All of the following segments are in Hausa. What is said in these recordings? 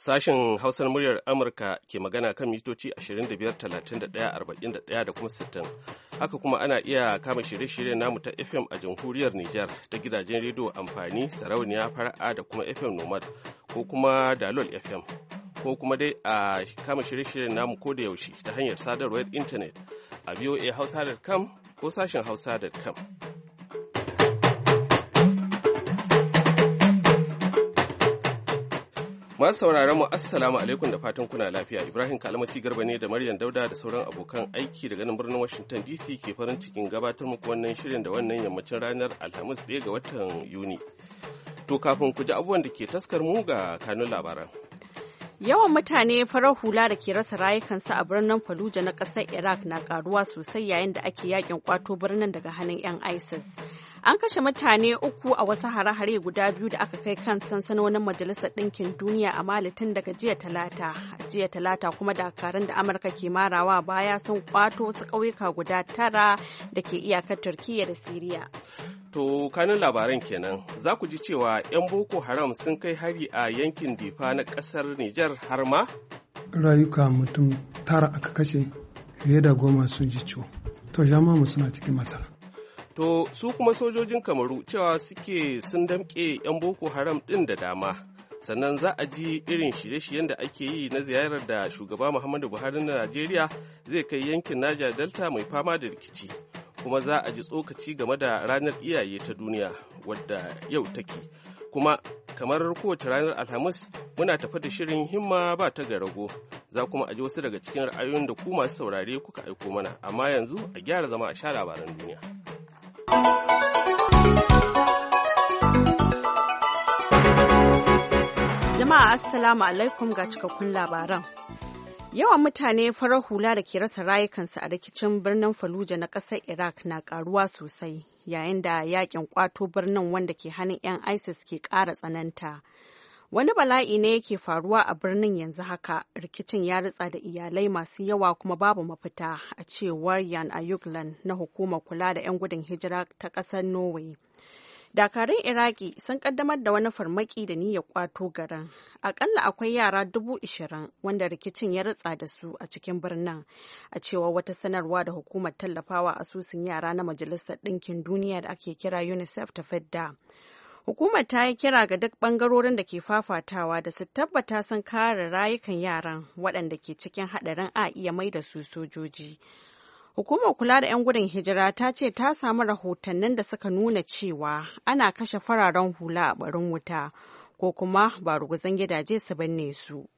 Sashen Hausar muryar Amurka ke magana kan mitoci 25,31,41 da kuma 60. Haka kuma ana iya kama shirye-shiryen namu ta FM a jamhuriyar Nijar ta gidajen rediyo amfani sarauniya fara'a da kuma FM Nomad ko kuma Dalol FM. Ko kuma dai a kama shirye-shiryen namu ko da yaushe ta hanyar sadarwar intanet a hausa.com ko sashen hausa.com. Masu sauraron mu assalamu alaikum da fatan kuna lafiya. Ibrahim Kalmasi Garba ne da Maryam Dauda da sauran abokan aiki daga nan birnin Washington DC ke farin cikin gabatar muku wannan shirin da wannan yammacin ranar Alhamis ɗaya ga watan Yuni. To kafin ku ji abubuwan da ke taskar mu ga kanun labaran. Yawan mutane farar hula da ke rasa rayukansu a birnin faluja na ƙasar Iraq na ƙaruwa sosai yayin da ake yakin kwato birnin daga hannun 'yan ISIS. An kashe mutane uku a wasu hare-hare guda biyu da aka kai kan sansanonin Majalisar Ɗinkin Duniya a malitin daga jiya Talata. Jiya Talata kuma dakarun da Amurka ke marawa baya sun kwato wasu ƙauyuka guda tara da ke iyakar Turkiyya da Siriya. To kanin labaran kenan za ku ji cewa 'yan Boko Haram sun kai hari a yankin Difa na ƙasar Nijar har ma? Rayuka mutum tara aka kashe fiye da goma sun ji ciwo. To jama'a suna cikin matsala. to su kuma sojojin kamaru cewa suke sun damke 'yan boko haram ɗin da dama sannan za a ji irin shirye-shiryen da ake yi na ziyarar da shugaba muhammadu buhari na najeriya zai kai yankin naja delta mai fama da rikici kuma za a ji tsokaci game da ranar iyaye ta duniya wadda yau take kuma kamar kowace ranar alhamis muna tafa da shirin himma ba ta ga rago za kuma a ji wasu daga cikin ra'ayoyin da ku masu saurare kuka aiko mana amma yanzu a gyara zama a sha labaran duniya. Jama'a Assalamu alaikum ga cikakkun labaran. Yawan mutane farar hula da ke rasa rayukansu a rikicin birnin Fallujah na ƙasar Iraq na ƙaruwa sosai, yayin da yaƙin kwato birnin wanda ke hannun 'yan ISIS ke ƙara tsananta. Wani bala'i ne yake faruwa a birnin yanzu haka, rikicin ya ritsa da iyalai masu yawa kuma babu mafita a cewar Yan Ayuglan na hukuma kula da 'yan gudun hijira ta kasar Norway. dakarun iraki sun kaddamar da wani farmaki da niyyar kwato garin akalla akwai yara dubu ishirin wanda rikicin ya ritsa da su a cikin birnin a cewa wata sanarwa da hukumar tallafawa asusun yara na majalisar ɗinkin duniya da ake kira unicef ta fidda Hukumar ta yi kira ga duk bangarorin da ke fafatawa da su tabbata sun kare rayukan yaran waɗanda ke cikin haɗarin a iya mai da su sojoji. Hukumar kula da 'yan gudun hijira ta ce ta samu rahotannin da suka nuna cewa ana kashe fararen hula a barin wuta ko kuma ba ruguzan gidaje su binne su.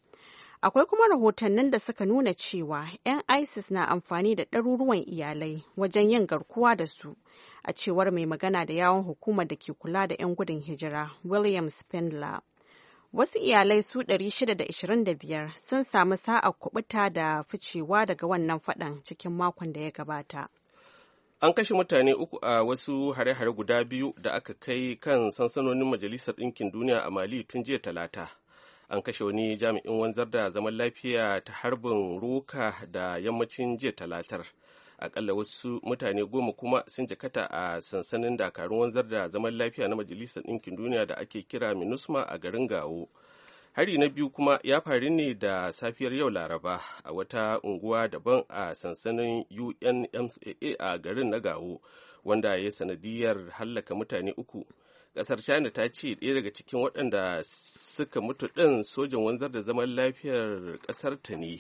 Akwai kuma rahotannin da suka nuna cewa 'yan ISIS na amfani da ɗaruruwan iyalai wajen yin garkuwa da su, a cewar mai magana da yawon hukumar da ke kula da 'yan gudun hijira, William Spindler. Wasu iyalai su 625 sun samu sa'a kubuta da ficewa daga wannan faɗan cikin makon da ya gabata. An kashe mutane uku a wasu hare-hare guda biyu da aka kai kan sansanonin Majalisar Ɗinkin Duniya a Mali tun jiya Talata. an kashe wani jami'in wanzar da zaman lafiya ta harbin ruka da yammacin jiya talatar akalla wasu mutane goma kuma sun jakata a sansanin dakarun wanzar da zaman lafiya na majalisar ɗinkin duniya da ake kira minusma a garin gawo hari na biyu kuma ya faru ne da safiyar yau laraba a wata unguwa daban a sansanin unmcaa a garin na gawo wanda ya sanadiyar hallaka mutane uku ƙasar china ta ce ɗaya daga cikin waɗanda suka mutu ɗin sojan wanzar da zaman lafiyar ƙasar ta ne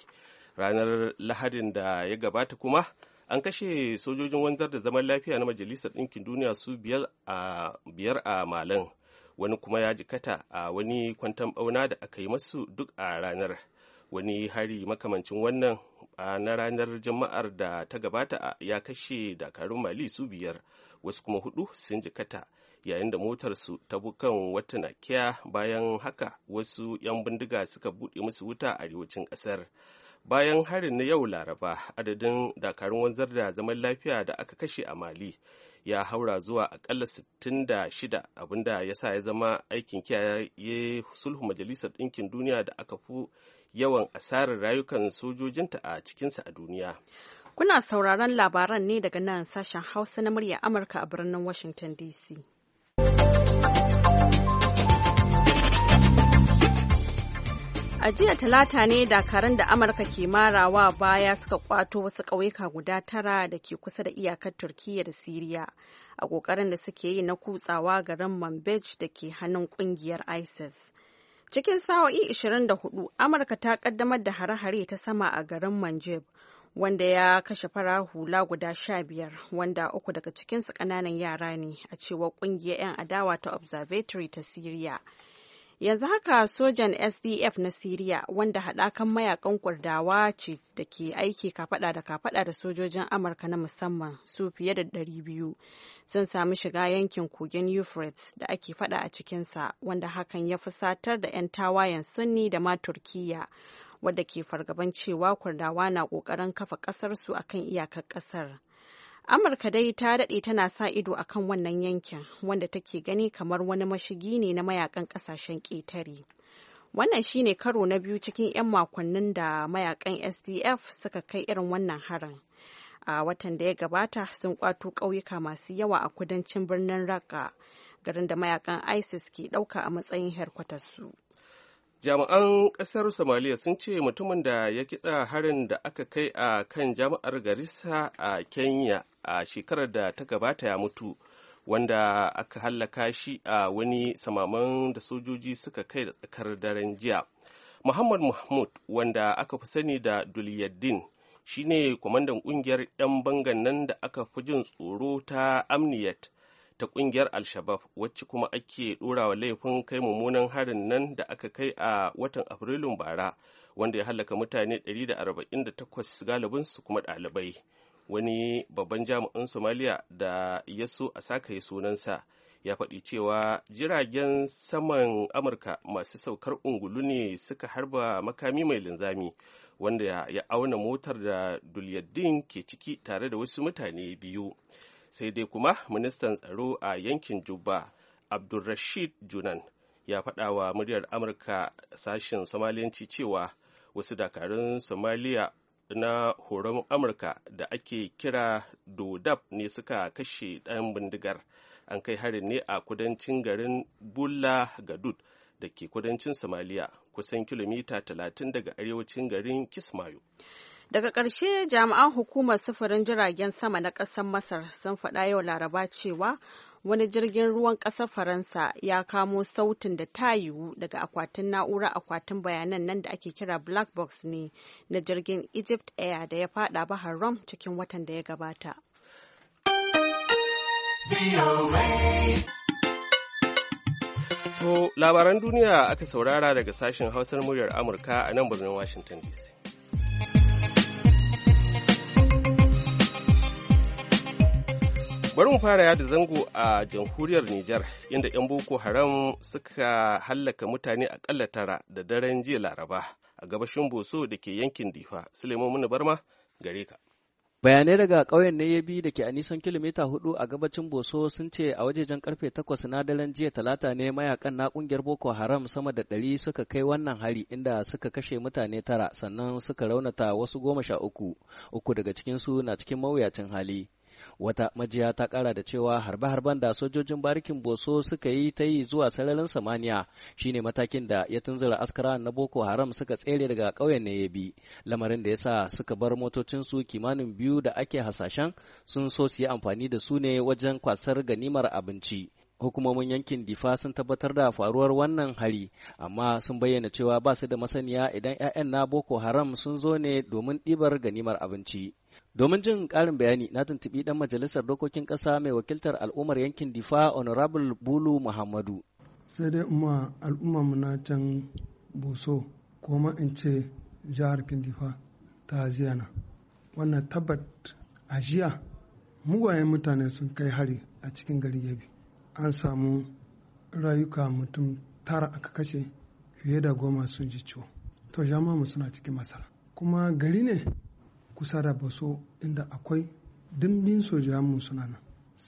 ranar lahadin da ya gabata kuma an kashe sojojin wanzar da zaman lafiya na majalisar ɗinkin duniya su biyar a malan wani kuma ya jikata a wani kwantan ɓauna da aka yi masu duk a ranar wani hari makamancin wannan na ranar jama'ar da ta gabata ya kashe dakarun mali su biyar wasu kuma hudu sun jikata yayin da motarsu ta bukan wata nakiya bayan haka wasu 'yan bindiga suka buɗe musu wuta a arewacin ƙasar bayan harin na yau laraba adadin dakarun wanzar da zaman lafiya da aka kashe a mali ya haura zuwa akalla 66 abinda ya sa ya zama aikin kiyaye sulhu majalisar ɗinkin duniya da aka fi yawan asarar rayukan sojojinta a cikinsa a duniya kuna sauraron labaran ne daga nan sashen hausa na murya amurka a birnin washington dc A jiya talata ne dakarun da Amurka ke marawa baya suka kwato wasu ƙauyuka guda tara da ke kusa da iyakar Turkiyya da Siriya a ƙoƙarin da suke yi na kutsawa garin Manbij da ke hannun ƙungiyar ISIS. Cikin sa'o'i 24, Amurka ta ƙaddamar da hare-hare ta sama a garin Manjib wanda ya kashe fara hula guda sha biyar wanda uku daga cikinsu ƙananan yara ne a cewa ƙungiyar 'yan adawa ta observatory ta syria yanzu haka sojan sdf na syria wanda haɗakan mayakan kurdawa ce da ke aiki kafada da kafada da sojojin amurka na musamman su fiye da 200 sun sami shiga yankin kogin euphrates da ake fada a cikinsa wanda hakan ya fusatar da 'yan tawayen sunni da ma turkiyya wadda ke fargaban cewa kurdawa na ƙoƙarin kafa ƙasarsu akan iyakar ƙasar. amurka dai ta daɗe tana sa ido akan wannan yankin wanda take gani kamar wani mashigi ne na mayakan ƙasashen ƙetare wannan shine karo na biyu cikin 'yan makonnin da mayakan sdf suka kai irin wannan harin a watan da ya gabata sun kwato ƙauyuka masu yawa a kudancin birnin raqqa garin da mayakan isis ke ɗauka a matsayin su jami'an ƙasar somaliya sun ce mutumin da ya kitsa harin da aka kai a kan jami'ar garissa a kenya a shekarar da ta gabata ya mutu wanda aka hallaka shi a wani samaman da sojoji suka kai da tsakar daren jiya muhammad mahmud wanda aka fi sani da dulyaddin shine kwamandan kungiyar 'yan bangan nan da aka fi jin tsoro ta amniyat ta kungiyar al-shabab wacce kuma ake ɗorawa laifin kai mummunan harin nan da aka kai a watan afrilun bara wanda ya halaka mutane 148 su kuma ɗalibai wani babban jami'in Somalia da ya so a sakaye sunansa ya faɗi cewa jiragen saman amurka masu saukar ungulu ne suka harba makami mai linzami wanda ya auna motar da dulyaddin ke ciki tare da wasu mutane biyu sai dai kuma ministan tsaro a yankin juba abdulrashid junan ya faɗa wa muryar amurka sashen somaliyanci cewa wasu dakarun somaliya na horon amurka da ake kira dodab ne suka kashe ɗan bindigar an kai harin ne a kudancin garin bulla gadud da ke kudancin somaliya kusan kilomita 30 daga arewacin garin kismayo Daga ƙarshe jami'an hukumar sufurin jiragen sama na ƙasar Masar sun faɗa yau Laraba cewa wani jirgin ruwan ƙasar Faransa ya kamo sautin da ta yiwu daga akwatin na'ura akwatin bayanan nan da ake kira black box ne na jirgin Egypt Air da ya faɗa Bahar Rom cikin watan da ya gabata. To labaran duniya aka saurara daga sashen hausar muryar Amurka a nan birnin Washington DC. Bari mu fara yada zango a jamhuriyar Nijar inda 'yan Boko Haram suka hallaka mutane akalla tara da daren jiya Laraba a gabashin Boso da ke yankin Difa. Suleiman Barma gare ka. bayanai daga ƙauyen ne ya bi da ke a nisan kilomita hudu a gabacin boso sun ce a wajejen karfe takwas na daren jiya talata ne mayakan na ƙungiyar boko haram sama da ɗari suka kai wannan hari inda suka kashe mutane tara sannan suka raunata wasu goma sha uku uku daga cikinsu na cikin mawuyacin hali wata majiya ta kara da cewa harbe-harben da sojojin barikin boso suka yi ta yi zuwa sararin samaniya shine matakin da ya tunzura askara na boko haram suka tsere daga ƙauyen ya bi lamarin da ya sa suka bar motocin su kimanin biyu da ake hasashen sun so su yi amfani da su ne wajen kwasar ganimar abinci hukumomin yankin difa sun tabbatar da faruwar wannan hari amma sun bayyana cewa ba su da masaniya idan 'ya'yan na boko haram sun zo ne domin ɗibar ganimar abinci Domin jin ƙarin bayani na tuntuɓi ɗan majalisar dokokin ƙasa mai wakiltar al'ummar yankin Difa Honorable Bulu Muhammadu. Sai dai umma al'ummar na can Buso kuma in ce jihar Kindifa ta ziyana. Wannan tabbat a jiya mugayen mutane sun kai hari a cikin gari Yabi. An samu rayuka mutum tara aka kashe fiye da goma sun ji ciwo. To jama'a mu suna cikin masara. Kuma gari ne kusa da baso inda akwai dimbin sojawanmu suna nan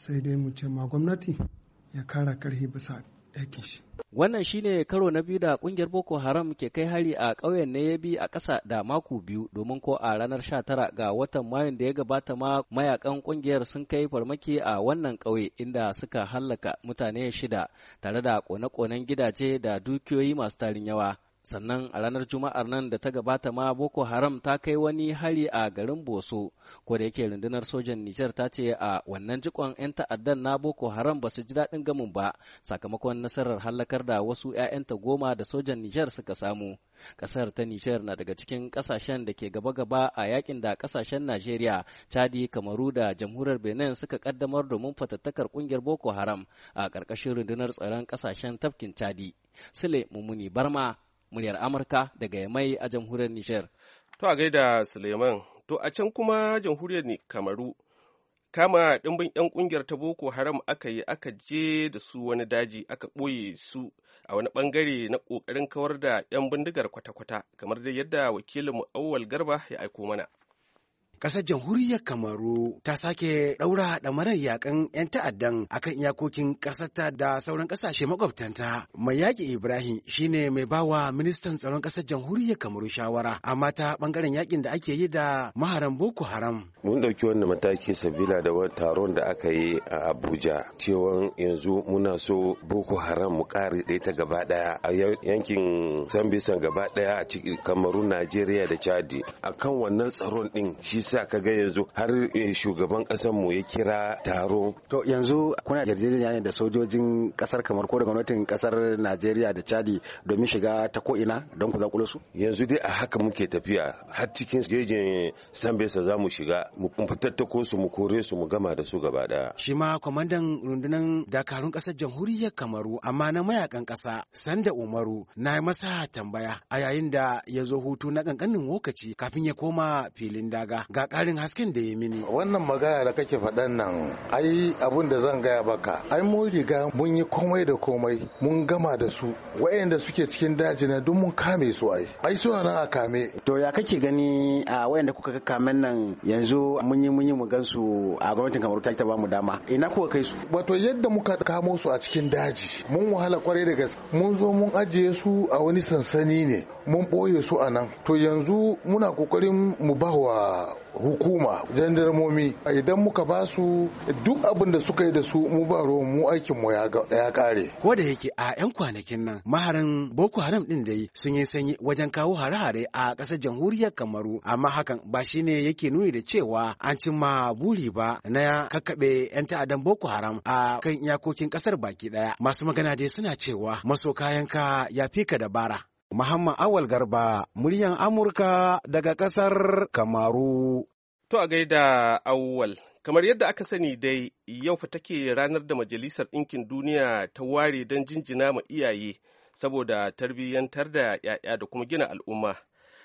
sai dai mu ce ma gwamnati ya kara karhi bisa aikin shi. Wannan shine karo na biyu da kungiyar Boko Haram ke kai hari a ƙauyen na yabi a ƙasa da mako biyu domin ko a ranar 19 ga watan Mayun da ya gabata ma mayakan kungiyar sun kai farmaki a wannan ƙauye inda suka hallaka mutane shida tare da kone-konen gidaje da dukiyoyi masu tarin yawa. sannan a ranar juma'ar nan da ta gabata ma boko haram ta kai wani hari a garin boso ko da yake rundunar sojan nijar ta ce a wannan jikon 'yan ta'addan na boko haram ba su ji daɗin gamin ba sakamakon nasarar hallakar da wasu 'ya'yanta goma da sojan nijar suka samu ƙasar ta nijar na daga cikin ƙasashen da ke gaba-gaba a yakin da ƙasashen najeriya chadi kamaru da jamhuriyar benin suka kaddamar domin fatattakar ƙungiyar boko haram a ƙarƙashin rundunar tsaron ƙasashen tafkin chadi sule mummuni barma muryar Amurka daga Yamai a jamhuriyar Nijar. To a gaida Suleiman, to a can kuma jamhuriyar Kamaru kama ɗimbin 'yan ƙungiyar ta Boko Haram aka yi aka je da su wani daji aka ɓoye su a wani ɓangare na ƙoƙarin kawar da 'yan bindigar kwata-kwata kamar dai yadda wakilinmu Auwal Garba ya aiko mana. ƙasar jamhuriyar kamaru ta sake ɗaura ɗamarar yakan 'yan ta'addan akan iyakokin ƙasarta da sauran ƙasashe makwabtanta mai yaƙi ibrahim shine mai bawa ministan tsaron ƙasar jamhuriyar kamaru shawara amma ta ɓangaren yakin da ake yi da maharan boko haram mun ɗauki wannan mataki sabila da taron da aka yi a abuja cewa yanzu muna so boko haram mu kare ɗaya ta gaba ɗaya a yankin sambisan gaba ɗaya a cikin kamaru najeriya da chadi akan wannan tsaron din shi sa ka ga yanzu har eh, shugaban kasar mu ya kira taro to yanzu kuna yarjejeniya ne da sojojin kasar kamar ko da gwamnatin kasar Najeriya da Chadi domin shiga ta ko ina don ku zakulo su yanzu dai a haka muke tafiya har cikin jejin Sambesa za mu shiga mu fitattako su mu kore su mu gama da su gaba ɗaya shi ma kwamandan rundunan dakarun kasar jamhuriyar Kamaru amma na mayakan kasa Sanda Umaru na yi masa tambaya a yayin da ya zo hutu na kankanin lokaci kafin ya koma filin daga ga ƙarin hasken da ya mini. Wannan magana da kake faɗan nan ai abin da zan gaya baka ai mun riga mun yi komai da komai mun gama da su wayanda suke cikin daji na duk mun kame su ai ai suna nan a kame. To ya kake gani a wayanda kuka kame nan yanzu mun yi mun yi mu gansu a gwamnatin kamar ta ta bamu dama ina kuka kai su. Wato yadda muka kamo su a cikin daji mun wahala kwarai da gaske mun zo mun ajiye su a wani sansani ne mun ɓoye su a nan to yanzu muna kokarin mu ba wa hukuma jandarmomi idan muka ba su duk abin da suka yi da su mu ba mu aikin mu ya kare ko da yake a yan kwanakin nan maharan boko haram din da yi sun yi sanyi wajen kawo hare-hare a ƙasar jamhuriyar kamaru amma hakan ba shine yake nuni da cewa an cimma buri ba na kakkaɓe yan ta'addan boko haram a kan iyakokin ƙasar baki ɗaya masu magana dai suna cewa maso kayan ka ya fi ka dabara Muhammad Awal Garba, muryan Amurka daga ƙasar Kamaru. To a gaida Awal, kamar yadda aka sani dai yau fa take ranar da Majalisar Ɗinkin Duniya ta ware don jinjina ma iyaye saboda tarbiyyantar da 'ya'ya da kuma gina al'umma.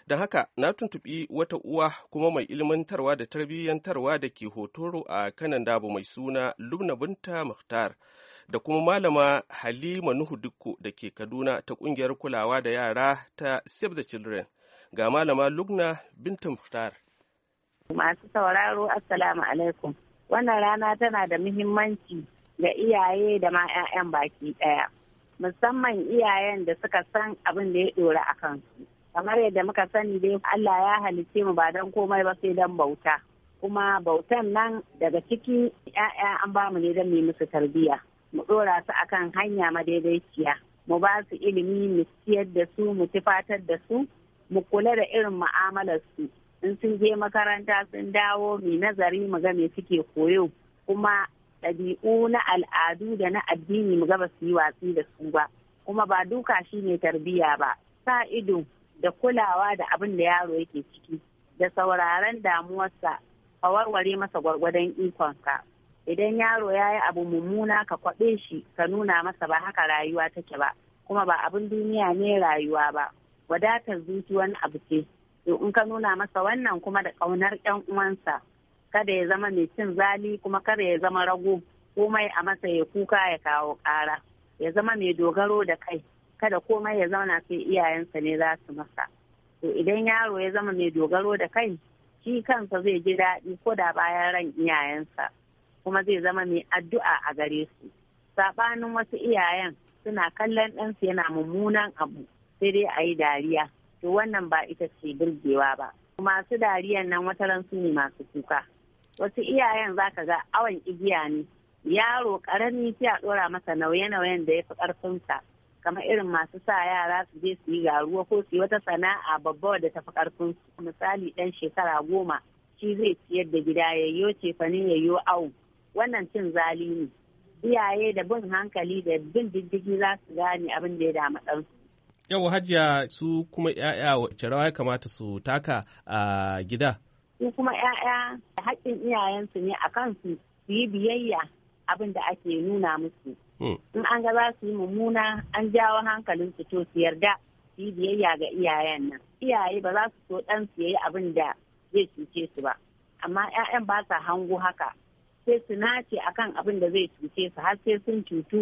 Don haka na tuntuɓi wata uwa kuma mai ilmantarwa da tarbiyyantarwa da ke hotoro a kanan dabu mai suna Lubna Binta Muhtar. da kuma malama halima nuhu dukko da ke kaduna ta kungiyar kulawa da yara ta save the children ga malama lugna bintan fitar masu sauraro assalamu alaikum wannan rana tana da muhimmanci ga iyaye da ma 'ya'yan baki ɗaya musamman iyayen da suka san abin da ya ɗora a kansu kamar yadda muka sani dai Allah ya halicce mu ba don komai ba sai don bauta kuma bautan nan daga ciki 'ya'ya an ba mu ne don mu musu tarbiyya mu ɗora su akan hanya madaidaiciya mu ba su ilimi mu siyar da su mu tufatar da su mu kula da irin mu'amalar su in sun je makaranta sun dawo mai nazari mu ga me suke koyo kuma ɗabi'u na al'adu da na addini mu ga su yi watsi da su ba kuma ba duka shi shine tarbiyya ba sa ido da kulawa da abin da yaro yake ciki da sauraron damuwarsa a warware masa gwargwadon ikonka idan yaro ya yi abu mummuna ka kwaɓe shi ka nuna masa ba haka rayuwa take ba kuma ba abin duniya ne rayuwa ba wadatar zuci wani abu ce to in ka nuna masa wannan kuma da ƙaunar 'yan uwansa kada ya zama mai cin zali kuma kada ya zama rago komai a masa ya kuka ya kawo ƙara ya zama mai dogaro da kai kada komai ya zauna sai iyayensa ne za su masa to idan yaro ya zama mai dogaro da kai shi kansa zai ji daɗi ko da bayan ran iyayensa kuma zai zama mai addu'a a gare su sabanin wasu iyayen suna kallon ɗansu yana mummunan abu sai dai a yi dariya to wannan ba ita ce birgewa ba masu dariyan nan wata su ne masu kuka wasu iyayen za ka ga awon igiya ne yaro karami sai a dora masa nauye-nauyen da ya fi ƙarfinsa kamar irin masu sa yara su je su yi garuwa ko su yi wata sana'a babba da ta fi ƙarfinsu misali ɗan shekara goma shi zai ciyar da gida yayyo cefanin yayyo awu wannan cin zali ne iyaye da bin hankali da bin diddigi za su gane abin da ya damu ɗan yau hajiya su kuma ‘ya'ya wacce rawa ya kamata su taka a gida? Su kuma ‘ya'ya da haƙƙin iyayensu ne a kansu su yi biyayya abin da ake nuna musu. Hmm. In an ga za su yi mummuna an jawo hankalin su to su yarda su yi biyayya ga iyayen nan. Iyaye ba za su so ɗan su yi abin da zai cuce su ba. Amma ‘ya'yan ba sa hango haka. sai su nace akan abin da zai cuce su har sai sun cutu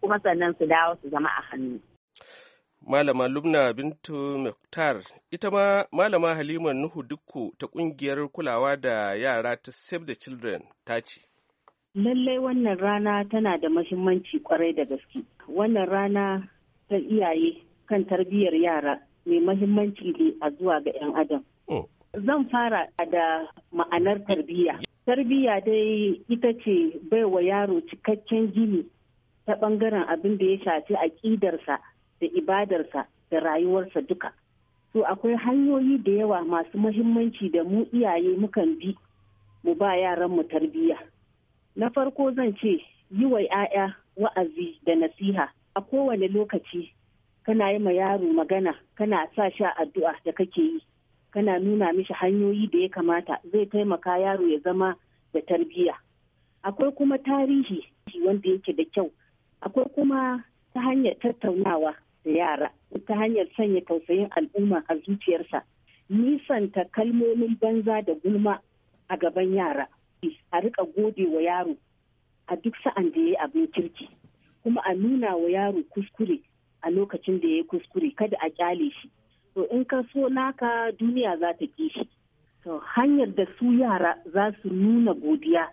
kuma sannan su dawo su zama a hannu. Malama Lubna Bintu Muktar, ita ma Malama Halima Nuhu Dukku ta kungiyar kulawa da yara ta Save the Children ta ce. Lallai wannan rana tana da mahimmanci kwarai da gaske. Wannan rana ta iyaye kan tarbiyyar yara mai mahimmanci ne a zuwa ga 'yan adam. Mm. Zan fara da ma'anar tarbiyya. tarbiyya dai ita ce baiwa yaro cikakken gini ta bangaren abin da ya shafi aƙidarsa da ibadarsa da rayuwarsa duka to akwai hanyoyi da yawa masu mahimmanci da mu iyaye mukan bi mu ba yaranmu tarbiyya na farko zan ce yi wa 'ya'ya wa'azi da nasiha a kowane lokaci kana yi ma yaro magana kana sa sha addu'a da kake yi tana nuna mishi hanyoyi da ya kamata zai taimaka yaro ya zama da tarbiyya akwai kuma tarihi wanda yake da kyau akwai kuma ta hanyar tattaunawa da yara ta hanyar sanya tausayin al'umma a zuciyarsa nisanta kalmomin banza da gulma a gaban yara a rika gode wa yaro a duk sa'an da ya yi abin kirki kuma a nuna wa yaro kuskure a lokacin da ya yi kuskure kada a kyale shi to in ka so naka duniya za ta ki shi to hanyar da su yara za su nuna godiya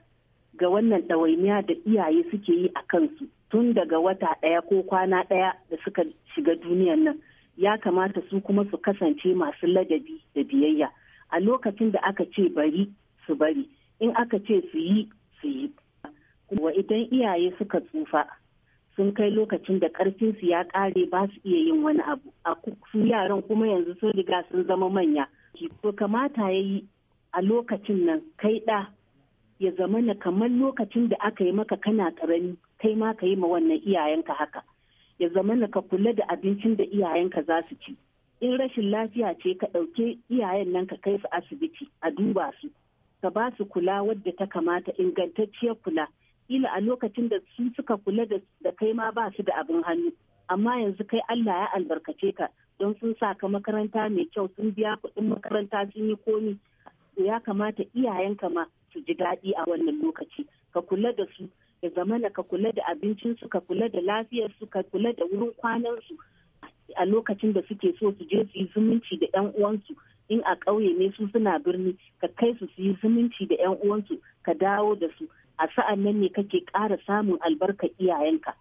ga wannan ɗawainiya da iyaye suke yi a kansu tun daga wata ɗaya ko kwana ɗaya da suka shiga duniyan nan ya kamata su kuma su kasance masu ladabi da biyayya a lokacin da aka ce bari su bari in aka ce su yi su yi wa idan iyaye suka tsufa sun kai lokacin da karfin su ya kare ba su iya yin wani abu a su yaran kuma yanzu sun riga sun zama manya to kamata ya yi a lokacin nan kai ɗa ya zama na kamar lokacin da aka yi maka kana karami kai ma ka yi ma wannan iyayenka haka ya zama na ka kula da abincin da iyayenka za su ci in rashin lafiya ce ka ɗauke iyayen nan ka kai su asibiti a duba su ka ba su kula wadda ta kamata ingantacciyar kula kila a lokacin da su suka kula da kai ma ba su da abin hannu amma yanzu kai Allah ya albarkace ka don sun sa ka makaranta mai kyau sun biya kuɗin makaranta sun yi komi ya kamata iyayenka ma su ji daɗi a wannan lokaci ka kula da su ya zamana ka kula da abincinsu ka kula da lafiyarsu ka kula da wurin kwanansu a lokacin da suke so su je su yi zumunci da 'yan uwansu in a ƙauye ne su suna birni ka kai su su yi zumunci da 'yan uwansu ka dawo da su a sa'an nan ne kake ƙara samun albarkar iyayenka.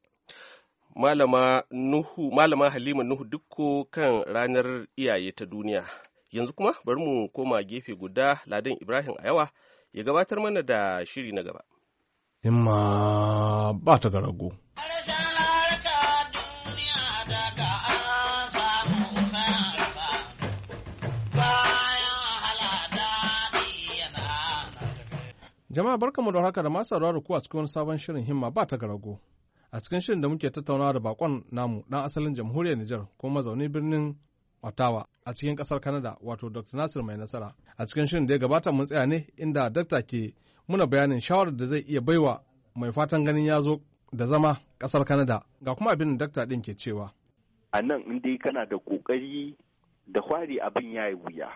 Malama Nuhu, Malama Halima Nuhu dukko kan ranar iyaye ta duniya. Yanzu kuma bari mu koma gefe guda Ladan Ibrahim a yawa ya gabatar mana da shiri na gaba. Imma ba ta garago. Jama'a barkamu da haka da masu sauraro ku a cikin wani sabon shirin himma ba ta garago. A cikin shirin da muke tattaunawa da bakon namu dan asalin jamhuriyar Nijar ko mazauni birnin Ottawa a cikin kasar Canada wato Dr. Nasir mai nasara. A cikin shirin da ya gabata mun tsaya ne inda dakta ke muna bayanin shawarar da zai iya baiwa mai fatan ganin ya zo da zama kasar Canada ga kuma abin da dakta din ke cewa. A nan in dai kana da kokari da kwari abin ya yi wuya.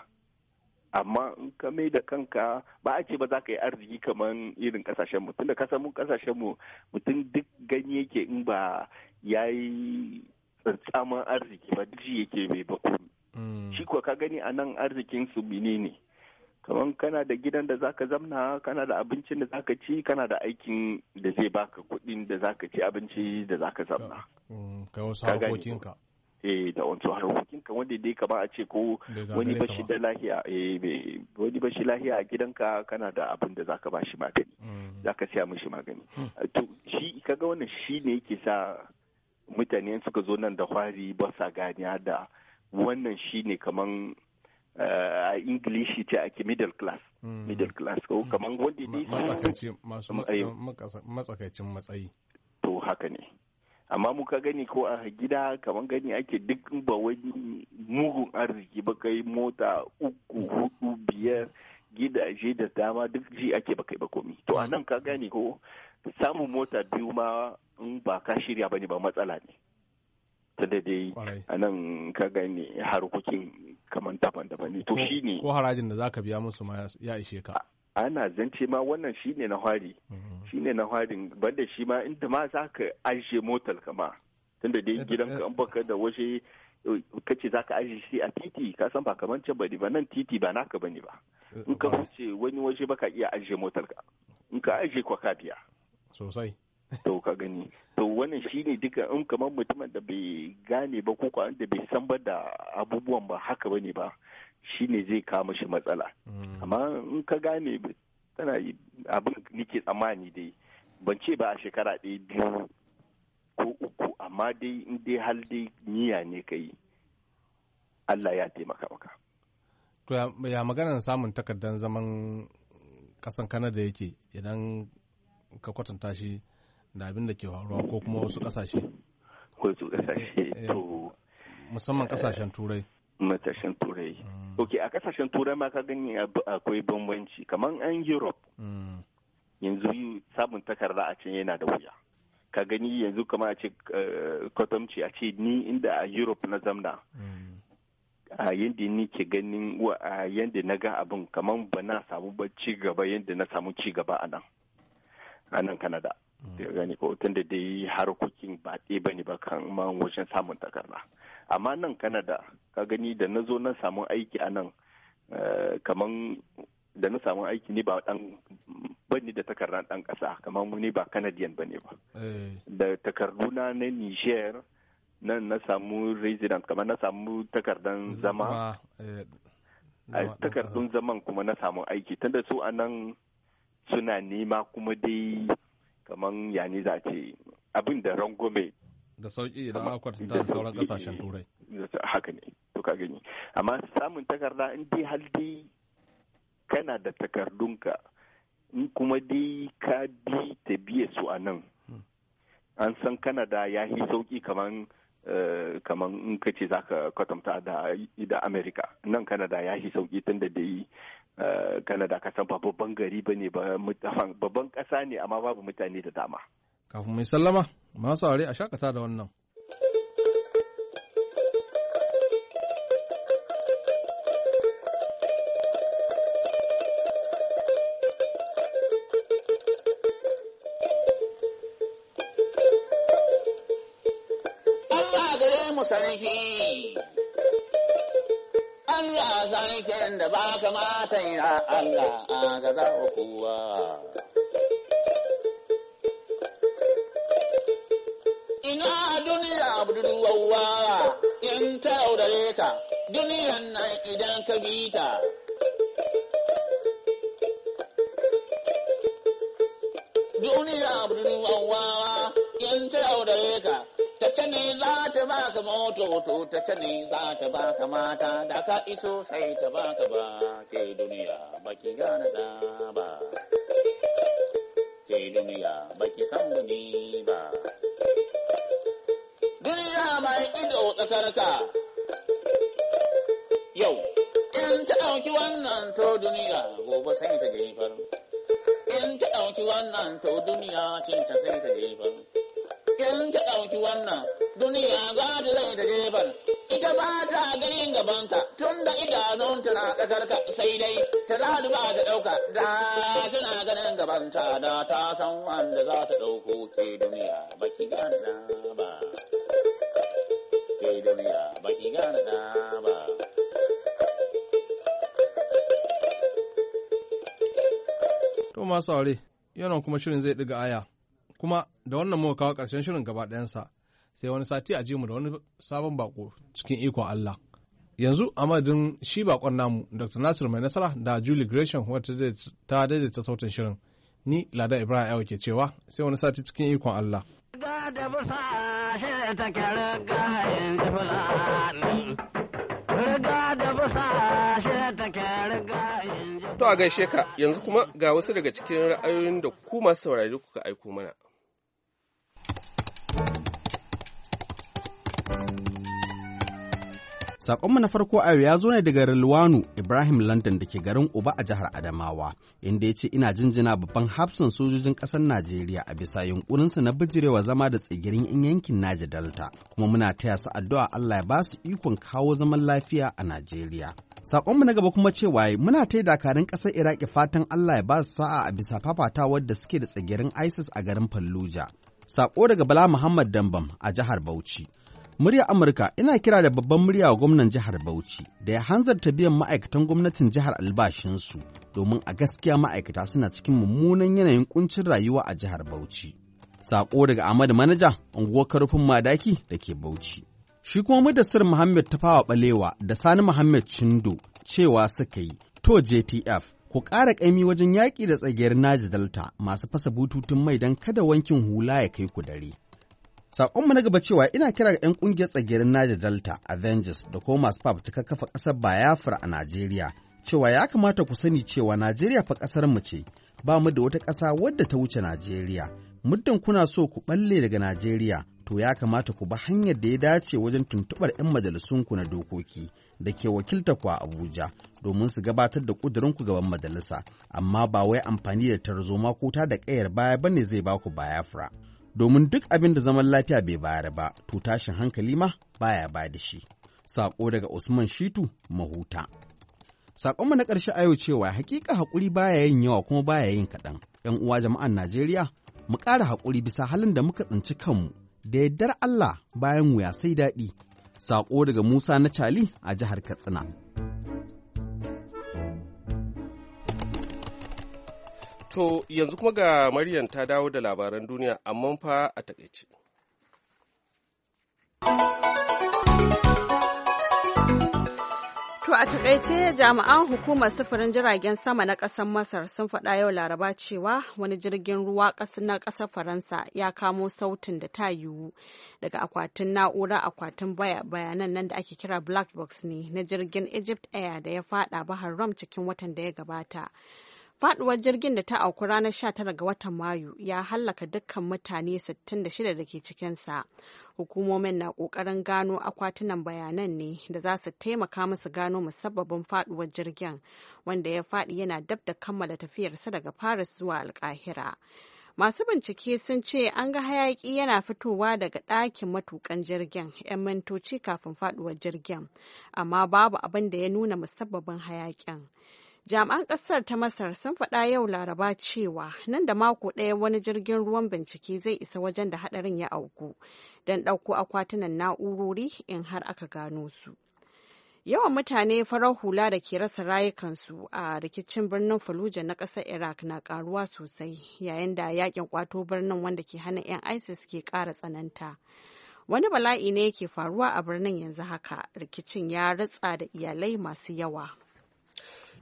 amma in ka mai da kanka ba a ce ba za ka yi arziki kaman irin kasashen mu tunda kasan mu kasashen mu mutum duk gani yake in ba ya yi tsantsaman arziki ba duk shi yake mai ba mm. shi kuwa ka gani a nan arzikin su mine ne kamar kana da gidan da ka zamna kana da abincin da zaka ci kana da aikin da zai baka kuɗin da zaka ci abinci da zaka zamna mm, ka wasu Eh, da wancan harkokin ka wanda dai kamar a ce ko eh, wani bashi da lahiya wani bashi lahiya a gidanka kana da abin da zaka bashi magani mm. zaka siya mishi magani hmm. eh, to shi kaga wannan shi ne yake sa mutane suka zo nan da hwari ba sa ganiya da wannan shi ne kaman a ingilishi ce ake middle class hmm. middle class ko hmm. kaman wanda dai matsakaicin matsayi to haka ne amma muka gani ko a gida kamar gani ake duk ba wani mugun arziki ba kai mota uku hudu biyar gidaje da dama duk ji ake ba kai ba komi to a nan ka gani ko samun mota biyu ma in ba ka shirya ba ne ba matsala ne tunda dai a nan ka gani harkokin kamar daban-daban ne to shi ne. ko harajin da za ka biya musu ma ya ishe ka ana zance ma wannan shi ne na hari mhm. shine na harin banda shi ma inda ma za ka ajiye motar kama tunda dai gidanka an baka da waje kace za ka ajiye shi a titi ka san ba kamar can bane ba nan titi ba naka bane ba in ka wuce wani waje baka iya ajiye motar ka in ka ajiye kwa ka biya sosai to ka gani to wannan shine duka in kamar mutumin da bai gane ba ko da bai san ba da abubuwan ba haka bane ba shine zai kama shi matsala mm. amma in ka gane tana yi abin nike tsammani dai ban ce ba a shekara ɗaya biyu ko uku amma dai in dai hal dai niyya ne ka yi Allah ya taimaka maka. To ya maganar samun takardar zaman kasan Kanada yake idan ka kwatanta shi da abin da ke faruwa ko kuma wasu kasashe. Wasu kasashe eh, to. Musamman ƙasashen turai. matashin turai mm. ok a kasashen turai ma ka gani akwai bambanci kamar an europe mm. yanzu samun takarda a can yana da wuya ka gani yanzu kama a ce eh, kwatamci a ce ni inda a europe na zamna mm. a yadda ni ke ganin yadda na ga abin kamar ba na samu ba ci gaba yadda na samu ci gaba a nan a nan canada da gani ko tun da dai harkokin ba ɗe ba ne ba kan wajen samun takarda amma nan kanada ka gani da na zo na samun aiki a nan eh, kaman da na samu aiki ne ba dan bani da takardar dan kasa kamar mu ne ba canadian bane ba da takarduna na niger nan na samu resident kamar na samu takardar zama a eh, takardun zaman kuma na samu aiki tunda su a nan suna nema kuma dai kamar yani za ce abin da rangome da sauki idan aka kwatanta da sauran kasashen turai haka ne to ka gani amma samun takarda in dai har dai kana da takardunka in kuma dai ka bi ta biye su a nan hmm. an san kanada ya yi sauki kaman eh, kaman in ka ce za ka kwatanta da amerika nan kanada ya yi sauki tun da dai eh, kanada ka san babban gari ba ne babban ƙasa ne amma babu mutane da dama kafin mai sallama Masu aure a shakata da wannan. sarki Allah sarki da ba kamata ya Allah a gaza kowa. ina duniya abdul wawa in ta yaudare ka duniyan nan idan ka bi ta duniya abdul wawa in ta yaudare ka ta ce ne za ta baka moto to ta ce ne za ta baka mata da ka iso sai ta baka ba ke duniya baki gane da ba ke duniya baki san ni ba ido tsakarka. Yau, in ta ɗauki wannan to duniya gobe sai ta gefar. In ta ɗauki wannan to duniya cinta sai ta gefar. In ta ɗauki wannan duniya za ta zai ta gefar. Ita ba ta ganin gabanta tun da idanunta na ƙasarka sai dai ta zalu ba ta ɗauka da tana ganin gabanta da ta san wanda za ta ɗauko ke duniya baki gana ba. kai To masu aure, yanon kuma shirin zai ɗiga aya. Kuma da wannan muka kawo ƙarshen shirin gaba ɗayansa, sai wani sati a mu da wani sabon bako cikin ikon Allah. Yanzu a madadin shi bakon namu Dr. Nasir Mai Nasara da Julie Gresham wata ta daidaita sautin shirin. Ni Lada Ibrahim Ayo ke cewa sai wani sati cikin ikon Allah. Da da take riga To a gaishe ka yanzu kuma ga wasu daga cikin ra'ayoyin da ku masu saurari kuka aiko mana. Sakonmu na farko a ya zo ne daga Rilwanu Ibrahim London da ke garin Uba a jihar Adamawa, inda ya ce ina jinjina babban hafsan sojojin ƙasar Najeriya a bisa yunkurinsu na bijirewa zama da tsigirin in yankin Naji Delta, kuma muna taya su addu'a Allah ya ba su ikon kawo zaman lafiya a Najeriya. Saƙonmu na gaba kuma cewa muna ta dakarun ƙasar Iraki fatan Allah ya ba su sa'a a bisa fafatawar da suke da tsigirin ISIS a garin Fallujah. Saƙo daga Bala Muhammad Dambam a jihar Bauchi. Murya Amurka ina kira da babban murya wa gwamnan jihar Bauchi da ya hanzarta biyan ma'aikatan gwamnatin jihar albashinsu domin a gaskiya ma'aikata suna cikin mummunan yanayin kuncin rayuwa a jihar Bauchi. Sako daga Ahmad Manaja, unguwar karfin madaki da ke Bauchi. Shi kuma Mudassir Muhammad Tafawa Balewa da Sani Muhammad Chindo cewa suka yi to JTF ku ƙara ƙaimi wajen yaƙi da tsagiyar Naji Delta masu fasa bututun mai don kada wankin hula ya kai ku dare. Saƙonmu na gaba cewa ina kira ga 'yan ƙungiyar tsagirin Naja Delta, Avengers da kuma masu fafutukar kafa ƙasar Bayafra a Najeriya, cewa ya kamata ku sani cewa Najeriya fa ƙasar mu ce, ba mu da wata ƙasa wadda ta wuce Najeriya. Muddin kuna so ku ɓalle daga Najeriya, to ya kamata ku bi hanyar da ya dace wajen tuntuɓar 'yan majalisunku na dokoki da ke wakilta ku a Abuja domin su gabatar da ƙudurinku gaban majalisa, amma ba wai amfani da tarzoma ko ta da ƙayar baya ba ne zai baku ku bayafra. domin duk abin da zaman lafiya bai bayar ba to tashin hankali ma baya ba da shi saƙo daga usman shitu mahuta Saƙonmu na ƙarshe a yau cewa hakika haƙuri baya yin yawa kuma baya yin kaɗan. ‘Yan uwa jama'an Najeriya, mu ƙara haƙuri bisa halin da muka tsinci kanmu da yardar Allah bayan wuya sai daɗi. Saƙo daga Musa na Cali a jihar Katsina. To yanzu kuma ga Maryam ta dawo da labaran duniya amma fa a takaice. To a takaice jami'an hukumar sufurin jiragen sama na ƙasar Masar sun faɗa yau laraba cewa wani jirgin ruwa na ƙasar Faransa ya kamo sautin da ta yiwu daga akwatin na'ura akwatin bayanan nan da ake kira black box ne na jirgin Egypt Air da ya faɗa Bahar ram cikin watan da ya gabata. Faduwar jirgin da ta auku ranar 19 ga watan Mayu ya hallaka dukkan mutane 66 da ke cikinsa. Hukumomin na ƙoƙarin gano akwatunan bayanan ne da za su taimaka musu gano musabbabin faduwar jirgin wanda ya fadi yana dab da kammala tafiyarsa daga Paris zuwa Alkahira. Masu bincike sun ce an ga hayaki yana fitowa daga ɗakin matukan jirgin 'yan mintoci kafin faduwar jirgin, amma babu abin da ya nuna musabbabin hayakin. Jami'an ƙasar ta Masar sun faɗa yau Laraba cewa nan da mako ɗaya wani jirgin ruwan bincike zai isa wajen da haɗarin ya auku don ɗauko akwatunan na'urori in har aka gano su. Yawan mutane farar hula da ke rasa rayukansu a rikicin birnin Fallujah na ƙasar Iraq na ƙaruwa sosai yayin da yakin kwato birnin wanda ke hana 'yan ISIS ke ƙara tsananta. wani bala'i ne ke faruwa a birnin yanzu haka rikicin ya ritsa da iyalai masu yawa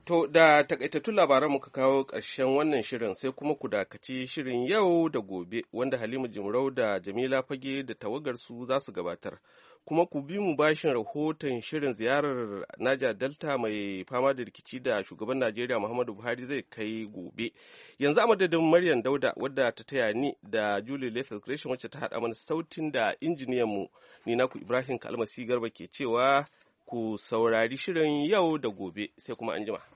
To da takaitattun labaran muka kawo ƙarshen wannan shirin sai kuma ku dakaci shirin yau da gobe wanda Halima Jimrau da Jamila Fage da tawagarsu za su gabatar. Kuma ku bi mu bashin rahoton shirin ziyarar Naja Delta mai fama da rikici da shugaban Najeriya Muhammadu Buhari zai kai gobe. Yanzu a madadin Maryam Dauda wadda ta taya ni da Julie Lethal Creation wacce ta haɗa mana sautin da injiniyan mu ni naku Ibrahim Kalmasi Garba ke cewa ku saurari shirin yau da gobe sai kuma anjima.